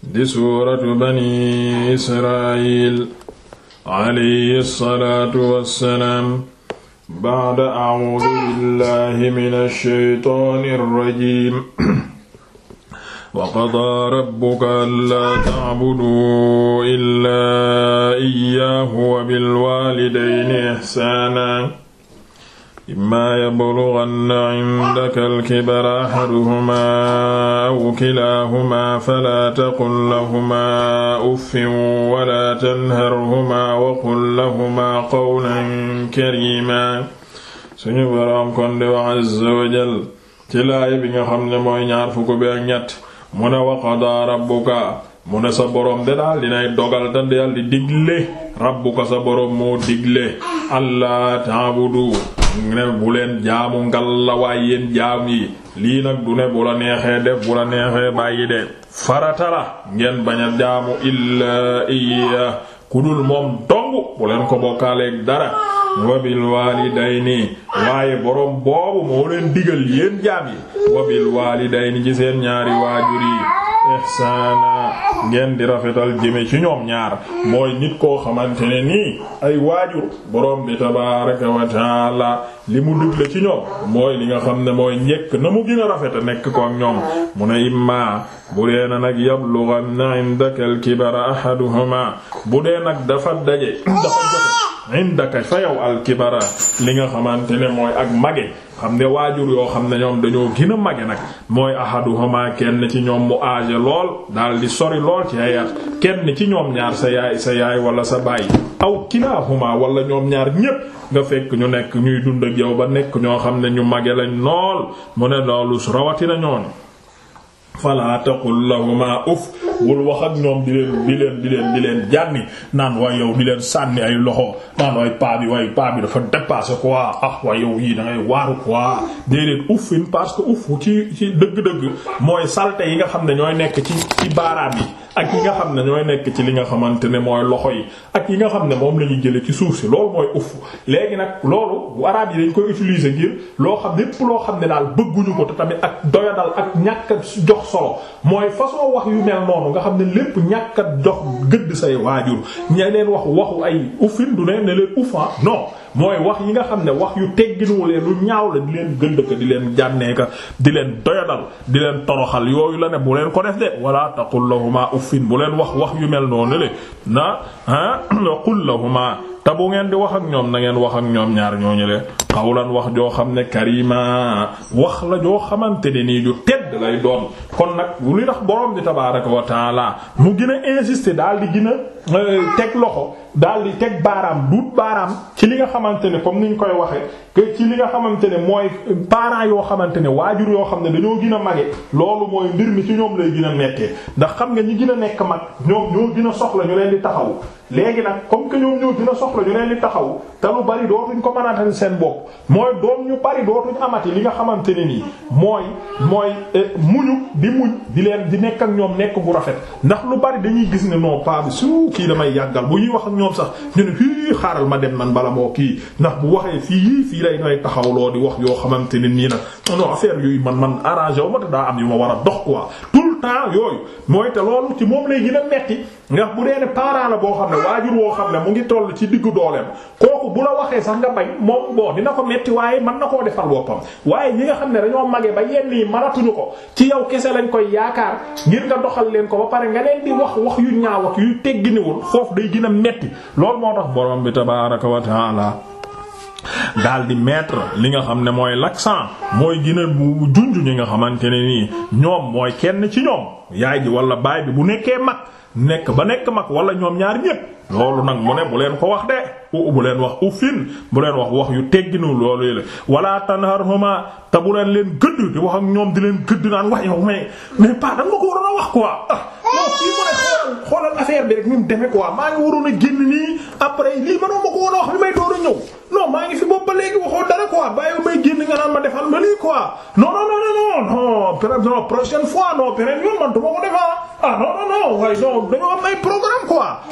di suuratu bani israil alayhi salaatu wassalaam ba'da a'uudu billahi minash shaytaanir rajiim wa qadaa rabbuka allaa ta'buduu illaa iyyaahu wa bil waalidayni ihsaana imma yablughanna indaka alkibara ahaduhuma aw kilahuma fala taqul lahuma uffin wala tanharhuma wa qul lahuma karima suñu boroom kon di wa jal ci laaya bi nga xam ne mooy ñaar fukk bi ak ñett mu ne wa rabbuka mu ne sa boroom de daal dinay dogal te daal di digle rabbuka sa boroom digle allah ta'budu ne bu leen jaamu ngal la waay yéen jaam yi lii nag du ne bu la neexee def bu la neexee bàyyi de farata la ngeen bañ jaamu illaa iya ku dul moom dong bu leen ko bokkaaleeg dara wabil waalidayni waaye borom boobu moo leen digal yéen jaam yi wabil waalidayni ci seen ñaari waajur yi ihsaana ngeen di rafetal jëme ci ñoom ñaar mooy nit koo xamante ne nii ay waajur borom bi tabaaraka wa taala li mu dugle ci ñoom mooy li nga xam ne mooy njekk na mu rafet a nekk ko ak ñoom mu ne imma bu dee na nag yablughanna indaka al-kibara ahaduhuma bu dee nag dafa daje dafa joxe indaka fa yow alkibara li nga xamante ne mooy ak mage xam ne waajur yoo xam ne ñoom dañoo gën a mage nag mooy ahaduhuma kenn ci ñoom mu âgé lool daal di sori lool ci ay kenn ci ñoom ñaar sa yaay sa yaay wala sa baay aw kilahuma wala ñoom ñaar ñépp nga fekk ñu nekk ñuy dund ak yaw ba nekk ñoo xam ne ñu mage lañ lool mu ne loolu rawatina ñoon fala taqul lahuma uf bul wax ak ñoom di leen di leen di leen di leen jànni naan waay yow di leen sànni ay loxo naan waay paa bi waay dafa dépassé quoi ah waay yow yii da ngay waaru quoi déedéet uffin parce que uf ci ci dëgg-dëgg mooy salte yi nga xam ne ñooy nekk ci ci baaraam yi ak yi nga xam ne ñooy nekk ci li nga xamante ne mooy loxo yi ak yi nga xam ne moom la ñuy jële ci suuf si loolu mooy uff léegi nag loolu araab yi dañ koy utiliser ngir loo xam lépp loo xam ne daal bëgguñu ko te tamit ak doyadal ak ñàkk a jox solo mooy façon wax yu mel noonu nga xam ne lépp ñàkk a jox gëdd say waajur ña leen wax waxu ay uffin du ne ne leen uffan non mooy wax yi nga xam ne wax yu tegginuwulee lu ñaaw la di leen gënd ko di leen ka di leen doyadal di leen toroxal yooyu la ne bu leen ko def de wala taqul lahuma uffin bu leen wax wax yu mel noonu le na ha ah, qul lahuma te bu ngeen di wax ak ñoom na ngeen wax ak ñoom ñaar ñooñu le xawlan wax joo xam ne karima wax la joo xamante ne nii ju tedd lay doon kon nag lu tax borom di tabaaraka wa taala mu gën a insister daal di gina a euh, teg loxo daal di teg baaraam duut baaraam ci li nga xamante ne comme ni ñu koy waxee que ci li nga xamante ne mooy parents yoo xamante ne waajur yoo xam ne dañoo gën a mage loolu mooy mbir mi ci ñoom lay gën a nekkee ndax xam nga ñi gën a nekk mag ñoom ñoo gën a soxla ñu leen di taxawu. léegi nag comme que ñoom ñëw dina soxla ñu leen di taxaw te lu bari dootuñ ko mënaatal seen bopp mooy doom ñu bari dootuñ amati li nga xamante ne nii mooy mooy eh, muñu bi muñ di leen di nekk ak ñoom nekk bu rafet ndax lu bari dañuy gis ne non pas bi su kii damay yàggal bu ñuy wax ak ñoom sax ñu ne fii xaaral ma dem man bala moo kii ndax bu waxee fii fii lay nooy taxaw loo di wax yoo xamante ne nii nag non affaire yooyu man man arrangé wu ma te daa am yu war a dox quoi le temps yooyu mooy te loolu ci moom lay gën a metti ndax bu dee ne la boo xam ne waajur woo xam ne mu ngi tollu ci diggu dooleem kooku bu la waxee sax nga bañ moom boo dina ko metti waaye mën na koo defal boppam waaye ñi nga xam ne dañoo mage ba yenn yi mënatuñu ko ci yow kese lañ koy yaakaar ngir nga doxal leen ko ba pare nga leen di wax wax yu ñaaw ak yu tegginiwul foofu day gën a metti loolu moo tax borom bi tabaaraka wa taala daal di mettre li nga xam ne mooy l'accent mooy gën a junj nga xamante ne nii ñoom mooy kenn ci ñoom yaay ji wala baay bi bu nekkee mag nekk ba nekk mag wala ñoom ñaar ñépp loolu nag mu ne bu leen ko wax de u bu leen wax uffin bu leen wax wax yu tegginu loolu yi la wala tanharhuma te bu leen leen gëdd di wax ak ñoom di leen gëdd naan wax yow mais mais pas da ko waroon a wax quoi ah, naan xoolal affaire bi rek ni mu demee quoi maa ngi waroon a génn nii après lii ma ko woon a wax may door a ñëw non maa ngi fi bopp ba léegi waxoo dara quoi bàyyi may génn nga naan ma defal ma lii quoi non non non non non. non prochaine fois non beneen yoon man ah. Ah,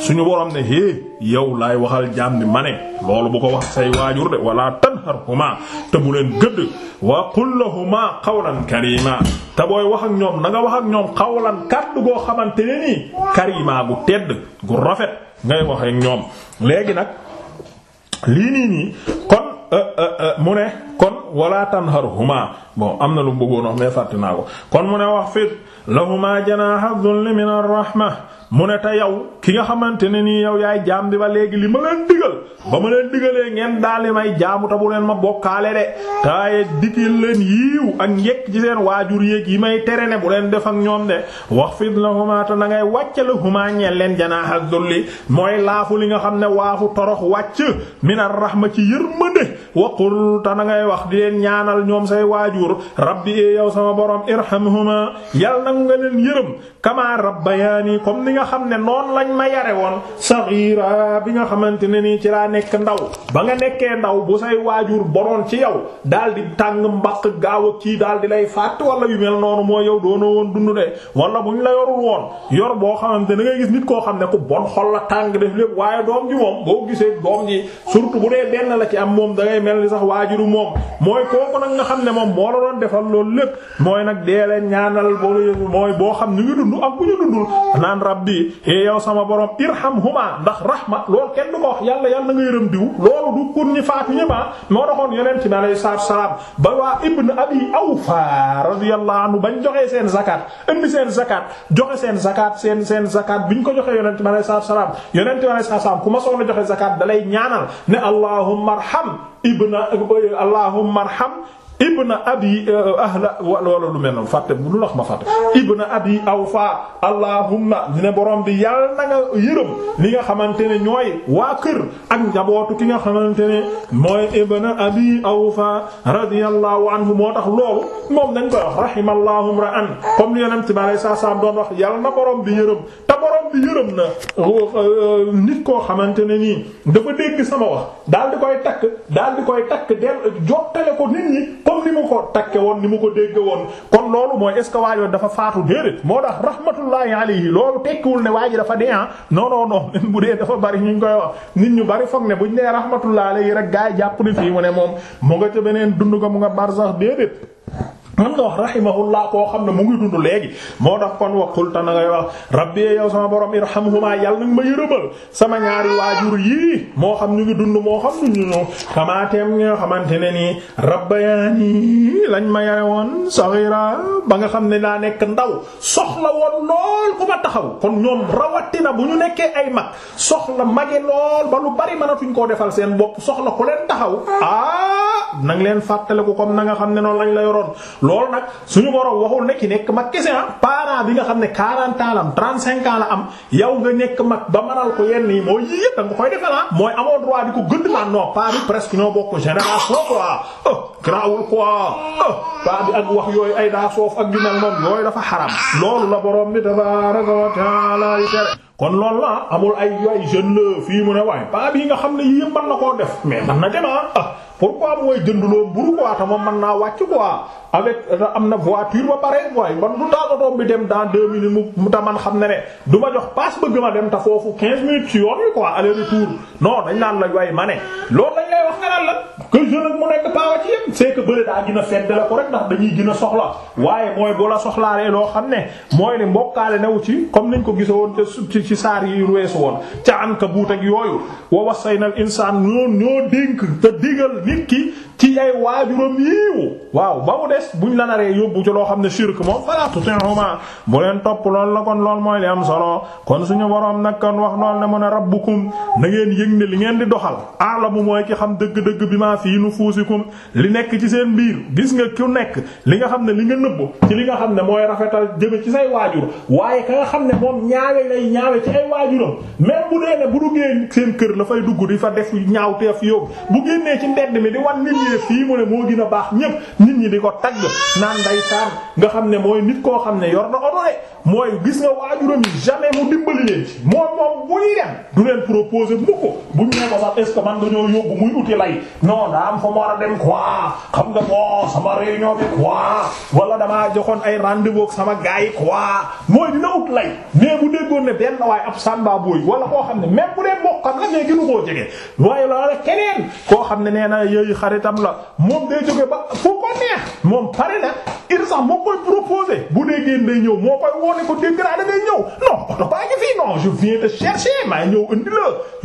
suñu borom ne hé yow laay waxal jaam ni ma ne loolu bu ko wax say waajur de wala tanharhuma te bu leen gëdd wa qul lahuma qawlan karima te booy wax ak ñoom na nga wax ñoom qawlan kàddu goo xamante ne nii karima gu tedd gu rafet ngay wax ak ñoom léegi nag lii nii nii kon euh, euh, euh, mu ne kon wala tanharhuma bon am na lu bëggoon wax mais fàtte naa ko kon mu ne wax fit lahuma janaaha dhulli min ar-rahma mu ne te yow ki nga xamante ne nii yow yaay jaam bi ba léegi li ma leen digal ba ma leen digalee ngeen daal di may jaamu ta bu leen ma bokkaale de taaye dikil leen yiiw ak njekk ci seen waajur yéeg yi may tere ne bu leen def ak ñoom de wax fit la xumaata na ngay wàcca la xumaa ñeel leen janaaxa dulli mooy laafu li nga xam ne waafu torox wàcc mina rahma ci yërmande waqul ta na ngay wax di leen ñaanal ñoom say waajur rabbi ee yow sama borom irhamhuma yal na nga leen nañ ma yare woon saxiira bi nga xamante ne nii ci laa nekk ndaw ba nga nekkee ndaw bu say waajur bonoon ci yaw daal di tàng mbaq gaaw ak kii daal di lay fàtt wala yu mel noonu moo yow doonoo woon dund de wala bu ñu la yorul woon yor boo xamante ne da ngay gis nit koo xam ne ku bon xol la tàng def lépp waaye doom ji moom boo gisee doom ji surtout bu dee benn la ci am moom da mel ni sax waajuru moom mooy kooku nag nga xam ne moom moo la doon defal lool lépp mooy nag dee leen ñaanal mooy boo xam ñu sama borom irhamhuma ndax rahma loolu kenn du ko wax yàlla yàlla na nga yërëm diw loolu du kon ñi faatu ma moo taxoon yonent bi salaam ba waa ibn abi awfa radiyallahu anhu bañ joxee seen zakat indi seen zakat joxe seen zakat seen seen zakat ko joxee yonent bi alayhi salaatu salaam yonent bi alayhi salaatu da ku ma soxla joxe zakat dalay ñaanal ne allahumma arham ibna allahumma arham ibna abi euh, ahla wala lu mel noonu fàtte lu lax ma fàtte ibna abi awfa allahumma ne borom bi yàlla na nga yërëm li nga xamante ne ñooy waa kër ak njabootu ki nga xamante ne mooy ibna abi awfa radiyallahu anhu moo tax loolu moom nañ koy wax rahimallahu ra'an comme li yonent bi alayhi salaam doon wax yàlla na borom bi yërëm te borom bi yërëm na euh, nit koo xamante ne nii dafa dégg sama wax daal di koy takk daal di koy takk del jottale ko nit ñi comme ni mu ko takke woon ni mu ko dégg woon kon loolu mooy est ce que waajoo dafa faatu déedéet moo tax rahmatullahi alayhi loolu tekkiwul ne waa ji dafa dee ah non bu dee dafa bari ñu ngi koy wax nit ñu bari foog ne buñ nee rahmatullahi alayhi rek gaa yi jàpp ne fii mu ne moom mu nga ca beneen dund ko mu nga barsax déedéet man nga wax rahimahullah koo xam ne mu ngi dund léegi moo tax kon ta na ngay wax rabbi yow sama borom irhamhuma yàlla nag ma yërëmal sama ñaari waajur yii moo xam ñu ngi dund moo xam nu ñu ñëw xamaateem ñoo xamante ne nii lañ ma yare woon saghira ba nga xam ne daa nekk ndaw soxla woon lool taxaw kon ñoom rawatina bu ñu nekkee ay mag soxla mage lool ba lu bari mënatuñ koo defal seen bopp soxla ku leen taxaw ah nang leen fàttaliku comme na nga xam ne noonu lañ la yoroon loolu nag suñu borom waxul ki nekk ma kese ah parent bi nga xam ne 40 ans la am 35 ans am yow nga nekk mag ba maral ko yenn yi mooy yépp da nga koy defal ah mooy amoo droit di ko gënd naan non pas bi presque ñoo bokk génération quoi oh grawul quoi oh pas bi ak wax yooyu ay daa soof ak yu mel noonu yooyu dafa xaram lool la borom bi tabaaraka wa taala yi tere kon lool la amul ay yooyu jeune la fii mu ne waaye paa bii nga xam ne yii mën na koo def mais mën na dem ah, ah pourquoi mooy jënduloo mburu quoi naa wàcc quoi avec euh, am na voiture ba pare waaye man du taal bi dem dans deux minutes mu ta man xam ne ne du ma jox paas bëgg ma dem ta foofu quinze minutes ci yoon yi quoi aller retour non dañ naan la waaye ma ne loolu dañ lay wax nga naan la que jeune ak mu nekk paa ci yem c'est que daa gën a la ko rek ndax dañuy gën soxla waaye mooy boo la soxlaalee loo xam ne mooy ne mbokkaale newu ci comme niñ ci saar yi weesu woon ca Ankabut ak yooyu wa wasaynal insaan ñoo ñoo dénk te digal nit ci ay waajuram yiiwu waaw ba mu des buñ la naree yóbbu ci loo xam ne shirk moom fala tuti'huma bu leen topp lool la kon lool mooy li am solo kon suñu boroom nag kon wax lool ne mu ne rabbukum na ngeen yëg ne li ngeen di doxal aalamu mooy ki xam dëgg-dëgg bi maa fii nufuusikum li nekk ci seen biir gis nga ku nekk li nga xam ne li nga nëbbu ci li nga xam ne mooy rafetal jëme ci say waajur waaye ka nga xam ne moom ñaawe lay ñaawe ci ay waajuram même bu dee ne bu duggee seen kër la dugg di fa def ñaaw teef yóbbu bu génnee ci mbedd mi di wan nit ñi jógee fii mu ne moo dina a baax ñépp nit ñi di ko tagg naan ndeysaan nga xam ne mooy nit koo xam ne yor na loolu de mooy gis nga waajuram yi jamais mu dimbali leen ci moom moom bu ñuy dem du leen proposer mu ko bu ñu ne ko sax est-ce que man a dem quoi xam damaa joxoon ay rendez-vous sama gars yi quoi mooy dina ut lay mais bu déggoon ne benn waaye ab samba booy wala koo xam ne même bu dee mbokkam la ngay gënu koo jege waaye loolu keneen koo xam ne nee na yooyu xaritam la moom day jóge ba fu ko moom pare na il sax moo koy proposer bu dee génn day ñëw moo koy woone ko dégg naa da ngay ñëw non oto baa ngi fii je viens te chercher maa ñëw indi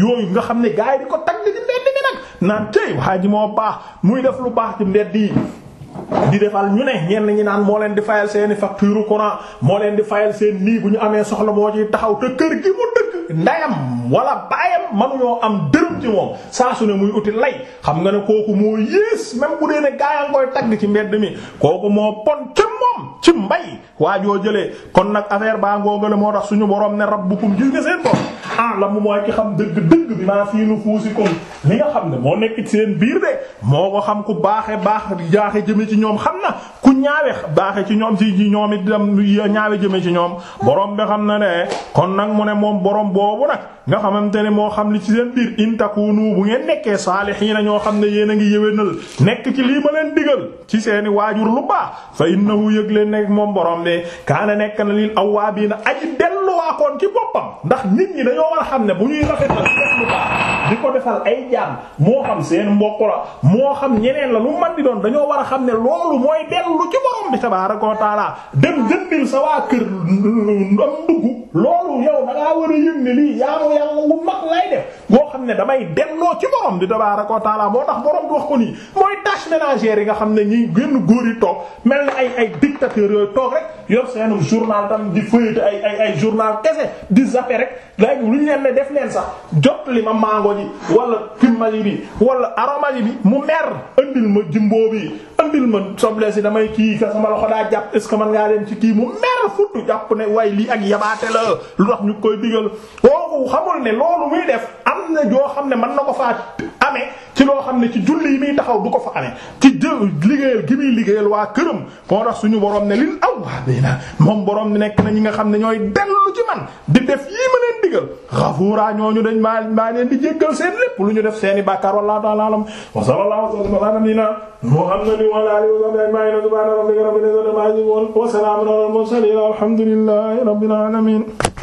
yooyu nga xam ne gars yi di ko tagg di mbedd mi nag naan tey waa ji moo baax muy def lu baax ci mbedd yi di defal ñu ne ñenn ñi naan moo leen di fayal seeni facture courant moo leen di fayal seen lii bu ñu amee soxla moo ciy taxaw te kër gi mu dëkk ndayam wala baayam manuñoo am dërëm ci moom saa su ne muy uti lay xam nga ne kooku moo yées même bu dee ne gaayangi koy tagg ci mbay waa joo jëlee kon nag affaire baa ngoogale moo tax suñu borom ne bu gis nga seen bopp a'lamu mooy ki xam dëgg-dëgg bi maa fii nufuusikum li nga xam ne moo nekk ci seen biir de moo ko xam ku baaxe baax jaaxe jëme ci ñoom xam na ku ñaawe baaxe ci ñoom si ñoom itam ñaawe jëme ci ñoom borom bi xam na ne kon nag mu ne moom borom boobu nag nga xamante ne moo xam li ci seen biir in takunu bu ngeen nekkee saalihiina ñoo xam ne yéen a ngi yéwénal nekk ci lii ma leen digal ci seeni waajur lu baax fa innahu yëg leen nekk moom borom de kaana nekk na lil awwaabiina aji del xalwaakoon ci boppam ndax nit ñi dañoo war a xam ne bu ñuy rafetal lu baax di ko defal ay jaam moo xam seen mbokk la moo xam ñeneen la lu man di doon dañoo war a xam ne loolu mooy dellu ci borom bi tabaaraka wa taala dem jëndil sa waa kër am dugg loolu yow da war a yëg ne lii yaamu yàlla gu mag lay def boo xam ne damay delloo ci borom di tabaaraka wa boo moo tax borom di wax ko nii mooy tâche ménagère yi nga xam ne ñi gën góor yi toog mel ni ay ay dictateurs yooyu toog rek yor seen journal tam di feuilleter ay ay journal kese di zapper rek léegi lu ñu leen ne def leen sax jot li ma mango ji wala pimmali bi wala aromali bi mu mer andil ma jimbo bi andil ma soble si damay kii ka sama loxo daa que man ngaa dem ci kii mu lu ñu koy digal kooku xamul ne loolu muy def am na joo xam ne mën na ko faa amee ci loo xam ne ci julli yi muy taxaw du ko fa amee ci liggéeyal gi muy liggéeyal waa këram moo tax suñu borom ne lil awwaabiina moom borom bi nekk na ñi nga xam ne ñooy dellu ci man di def yii ma leen digal ghafuura ñooñu dañ maa maa leen di jéggal seen lépp lu ñu def seeni bàkkaar wallahu ta'ala alam wa sallallahu alayhi wa sallam muhammadin wa ala alihi wa sahbihi ajma'in subhana rabbika rabbil izzati amma yasifun wa salamun ala al